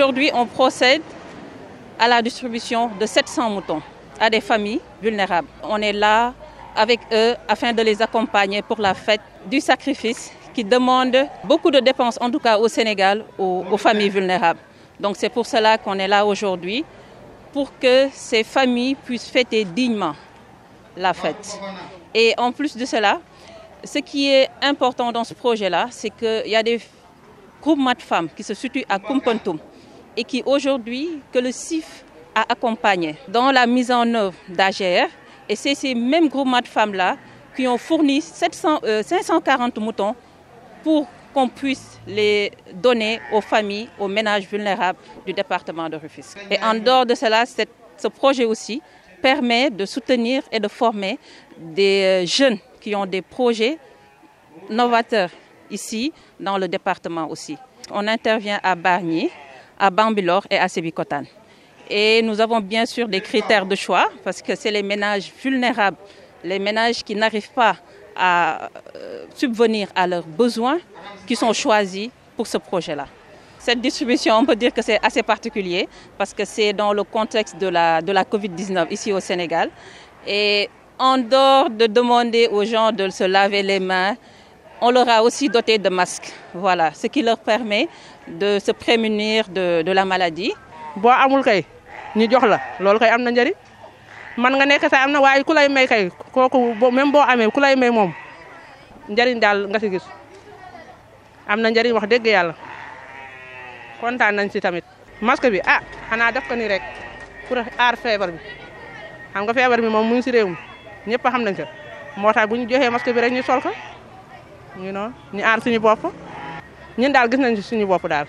Aujourd'hui, on procède à la distribution de 700 moutons à des familles vulnérables. On est là avec eux afin de les accompagner pour la fête du sacrifice qui demande beaucoup de dépenses, en tout cas au Sénégal, aux, familles vulnérables. Donc c'est pour cela qu'on est là aujourd'hui, pour que ces familles puissent fêter dignement la fête. Et en plus de cela, ce qui est important dans ce projet-là, c'est qu'il y a des groupes de femmes qui se situent à Kumpantum et qui aujourd'hui que le CIF a accompagné dans la mise en œuvre d'AGR. Et c'est ces mêmes groupements de femmes-là qui ont fourni 540 euh, moutons pour qu'on puisse les donner aux familles, aux ménages vulnérables du département de Rufus. Et en dehors de cela, ce projet aussi permet de soutenir et de former des euh, jeunes qui ont des projets novateurs ici, dans le département aussi. On intervient à Barnier, à Bambilor et à Sebikotan. Et nous avons bien sûr des critères de choix parce que c'est les ménages vulnérables, les ménages qui n'arrivent pas à euh, subvenir à leurs besoins qui sont choisis pour ce projet-là. Cette distribution, on peut dire que c'est assez particulier parce que c'est dans le contexte de la, de la Covid-19 ici au Sénégal. Et en dehors de demander aux gens de se laver les mains, on leur a aussi doté de masques, voilà, ce qui leur permet de se prémunir de, de la maladie. boo amul kay ni jox la loolu kay amna na man nga nek sa amna na kulay may kay kooku même bo amé kulay may mom. njëriñ dal nga si gis Amna na wax deug Yalla. kontaan nañ ci tamit. masque bi ah xana def ko ni rek pour ar fièvre bi xam nga fièvre bi mom muy ci rewum. Ñepp xam nañ ko moo tax bu ñu masque bi rek ñu sol ko. ñu noonu ñu aar suñu bopp ñun daal gis nañ ci suñu bopp daal.